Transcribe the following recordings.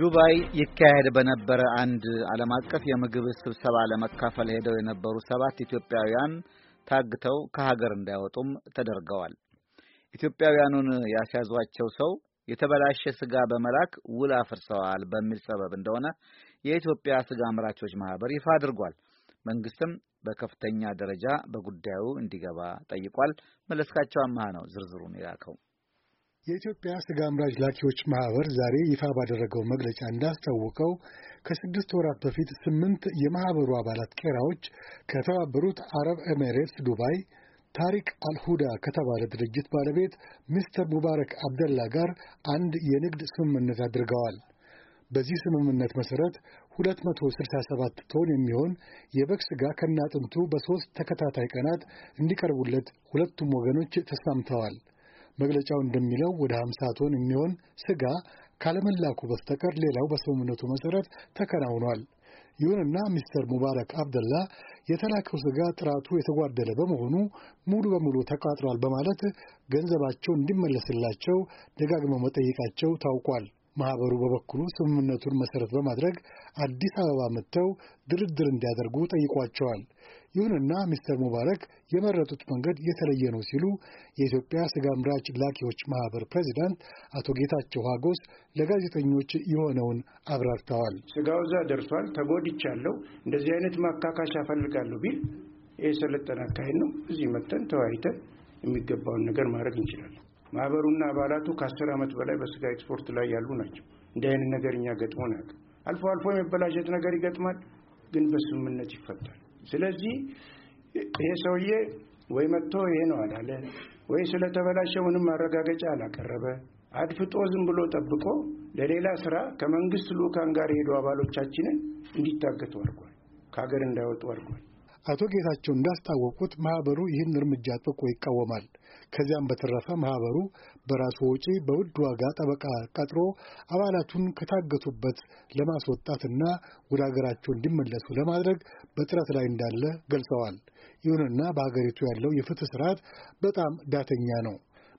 ዱባይ ይካሄድ በነበረ አንድ ዓለም አቀፍ የምግብ ስብሰባ ለመካፈል ሄደው የነበሩ ሰባት ኢትዮጵያውያን ታግተው ከሀገር እንዳይወጡም ተደርገዋል። ኢትዮጵያውያኑን ያስያዟቸው ሰው የተበላሸ ስጋ በመላክ ውል አፍርሰዋል በሚል ሰበብ እንደሆነ የኢትዮጵያ ስጋ አምራቾች ማህበር ይፋ አድርጓል። መንግስትም በከፍተኛ ደረጃ በጉዳዩ እንዲገባ ጠይቋል። መለስካቸው አማሃ ነው ዝርዝሩን የላከው። የኢትዮጵያ ስጋ አምራች ላኪዎች ማህበር ዛሬ ይፋ ባደረገው መግለጫ እንዳስታወቀው ከስድስት ወራት በፊት ስምንት የማህበሩ አባላት ቄራዎች ከተባበሩት አረብ ኤሜሬትስ ዱባይ ታሪክ አልሁዳ ከተባለ ድርጅት ባለቤት ሚስተር ሙባረክ አብደላ ጋር አንድ የንግድ ስምምነት አድርገዋል። በዚህ ስምምነት መሠረት 267 ቶን የሚሆን የበግ ሥጋ ከናጥንቱ በሦስት ተከታታይ ቀናት እንዲቀርቡለት ሁለቱም ወገኖች ተስማምተዋል። መግለጫው እንደሚለው ወደ 50 ቶን የሚሆን ስጋ ካለመላኩ በስተቀር ሌላው በስምምነቱ መሠረት ተከናውኗል። ይሁንና ሚስተር ሙባረክ አብደላ የተላከው ስጋ ጥራቱ የተጓደለ በመሆኑ ሙሉ በሙሉ ተቋጥሯል በማለት ገንዘባቸው እንዲመለስላቸው ደጋግመው መጠየቃቸው ታውቋል። ማህበሩ በበኩሉ ስምምነቱን መሠረት በማድረግ አዲስ አበባ መጥተው ድርድር እንዲያደርጉ ጠይቋቸዋል። ይሁንና ሚስተር ሙባረክ የመረጡት መንገድ የተለየ ነው ሲሉ የኢትዮጵያ ስጋ አምራች ላኪዎች ማህበር ፕሬዚዳንት አቶ ጌታቸው ሀጎስ ለጋዜጠኞች የሆነውን አብራርተዋል። ስጋው እዛ ደርሷል፣ ተጎድቻለሁ፣ እንደዚህ አይነት ማካካሻ እፈልጋለሁ ቢል ይህ የሰለጠነ አካሄድ ነው። እዚህ መጥተን ተወያይተን የሚገባውን ነገር ማድረግ እንችላለን። ማህበሩና አባላቱ ከአስር ዓመት በላይ በስጋ ኤክስፖርት ላይ ያሉ ናቸው። እንዲህ አይነት ነገር እኛ ገጥሞን አያውቅም። አልፎ አልፎ የመበላሸት ነገር ይገጥማል፣ ግን በስምምነት ይፈታል። ስለዚህ ይሄ ሰውዬ ወይ መጥቶ ይሄ ነው አላለ፣ ወይ ስለተበላሸ ምንም ማረጋገጫ አላቀረበ። አድፍጦ ዝም ብሎ ጠብቆ ለሌላ ስራ ከመንግስት ልኡካን ጋር የሄዱ አባሎቻችንን እንዲታገቱ አድርጓል። ከሀገር እንዳይወጡ አድርጓል። አቶ ጌታቸው እንዳስታወቁት ማህበሩ ይህን እርምጃ አጥብቆ ይቃወማል። ከዚያም በተረፈ ማህበሩ በራሱ ወጪ በውድ ዋጋ ጠበቃ ቀጥሮ አባላቱን ከታገቱበት ለማስወጣትና ወደ አገራቸው እንዲመለሱ ለማድረግ በጥረት ላይ እንዳለ ገልጸዋል። ይሁንና በሀገሪቱ ያለው የፍትህ ስርዓት በጣም ዳተኛ ነው።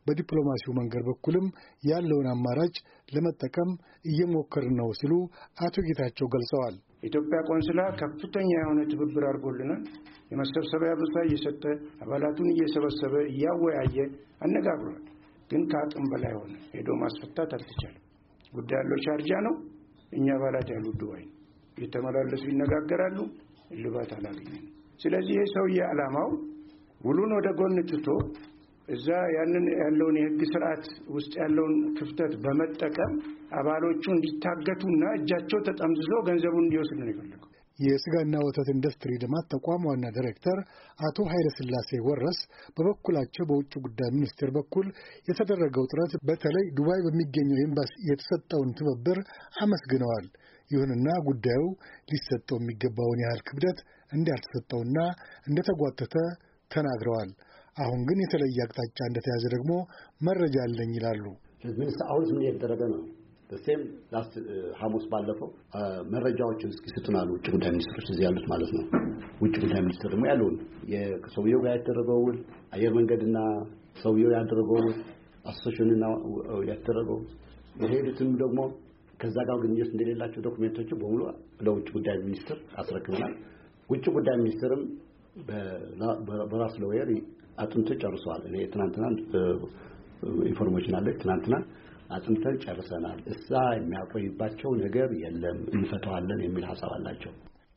በዲፕሎማሲው መንገድ በኩልም ያለውን አማራጭ ለመጠቀም እየሞከርን ነው ሲሉ አቶ ጌታቸው ገልጸዋል። ኢትዮጵያ ቆንስላ ከፍተኛ የሆነ ትብብር አድርጎልናል። የመሰብሰቢያ ብሳ እየሰጠ አባላቱን እየሰበሰበ እያወያየ አነጋግሯል። ግን ከአቅም በላይ ሆነ። ሄዶ ማስፈታት አልተቻለም። ጉዳይ ያለው ሻርጃ ነው። እኛ አባላት ያሉ ዱባይ የተመላለሱ ይነጋገራሉ። እልባት አላገኘንም። ስለዚህ ይህ ሰውዬ ዓላማው ውሉን ወደ ጎን ትቶ እዛ ያንን ያለውን የህግ ስርዓት ውስጥ ያለውን ክፍተት በመጠቀም አባሎቹ እንዲታገቱና እጃቸው ተጠምዝዞ ገንዘቡን እንዲወስድ ነው የፈለገው። የስጋና ወተት ኢንዱስትሪ ልማት ተቋም ዋና ዲሬክተር አቶ ስላሴ ወረስ በበኩላቸው በውጭ ጉዳይ ሚኒስቴር በኩል የተደረገው ጥረት በተለይ ዱባይ በሚገኘው ኤምባሲ የተሰጠውን ትብብር አመስግነዋል። ይሁንና ጉዳዩ ሊሰጠው የሚገባውን ያህል ክብደት እንዳልተሰጠውና እንደተጓተተ ተናግረዋል። አሁን ግን የተለየ አቅጣጫ እንደተያዘ ደግሞ መረጃ አለኝ ይላሉ። ሚኒስትር አሁንስ ምን እየተደረገ ነው? በሴም ላስት ሐሙስ ባለፈው መረጃዎችን እስኪ ስጡናሉ ውጭ ጉዳይ ሚኒስትሮች እዚህ ያሉት ማለት ነው። ውጭ ጉዳይ ሚኒስትር ደግሞ ያለውን ከሰውየው ጋር ያደረገው ውል፣ አየር መንገድና ሰውየው ያደረገው ውል፣ አሶሴሽንና ያደረገው የሄዱትም ደግሞ ከዛ ጋር ግንኙነት እንደሌላቸው ዶክሜንቶችን በሙሉ ለውጭ ጉዳይ ሚኒስትር አስረክብናል። ውጭ ጉዳይ ሚኒስትርም በራስ ለወየር አጥንቶ ጨርሰዋል። እኔ ትናንትና ኢንፎርሜሽን አለ። ትናንትና አጥንተን ጨርሰናል። እሳ የሚያቆይባቸው ነገር የለም፣ እንፈተዋለን የሚል ሀሳብ አላቸው።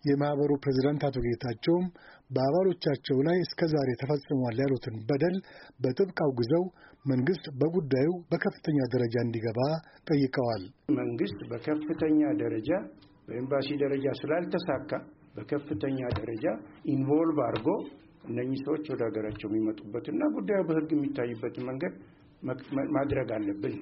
የማህበሩ ፕሬዚዳንት አቶ ጌታቸውም በአባሎቻቸው ላይ እስከ ዛሬ ተፈጽሟል ያሉትን በደል በጥብቅ አውግዘው መንግስት በጉዳዩ በከፍተኛ ደረጃ እንዲገባ ጠይቀዋል። መንግስት በከፍተኛ ደረጃ በኤምባሲ ደረጃ ስላልተሳካ በከፍተኛ ደረጃ ኢንቮልቭ አድርጎ እነኚህ ሰዎች ወደ ሀገራቸው የሚመጡበትና ጉዳዩ በህግ የሚታይበትን መንገድ ማድረግ አለብን።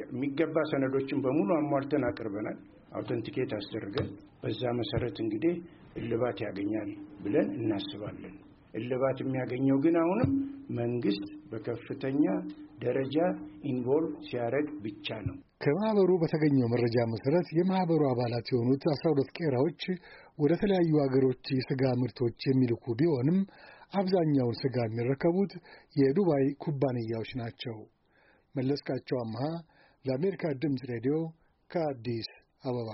የሚገባ ሰነዶችን በሙሉ አሟልተን አቅርበናል። አውተንቲኬት አስደርገን በዛ መሰረት እንግዲህ እልባት ያገኛል ብለን እናስባለን። እልባት የሚያገኘው ግን አሁንም መንግስት በከፍተኛ ደረጃ ኢንቮልቭ ሲያደርግ ብቻ ነው። ከማህበሩ በተገኘው መረጃ መሰረት የማህበሩ አባላት የሆኑት አስራ ሁለት ቄራዎች ወደ ተለያዩ ሀገሮች የስጋ ምርቶች የሚልኩ ቢሆንም አብዛኛውን ስጋ የሚረከቡት የዱባይ ኩባንያዎች ናቸው። መለስካቸው አምሃ ለአሜሪካ ድምፅ ሬዲዮ ከአዲስ አበባ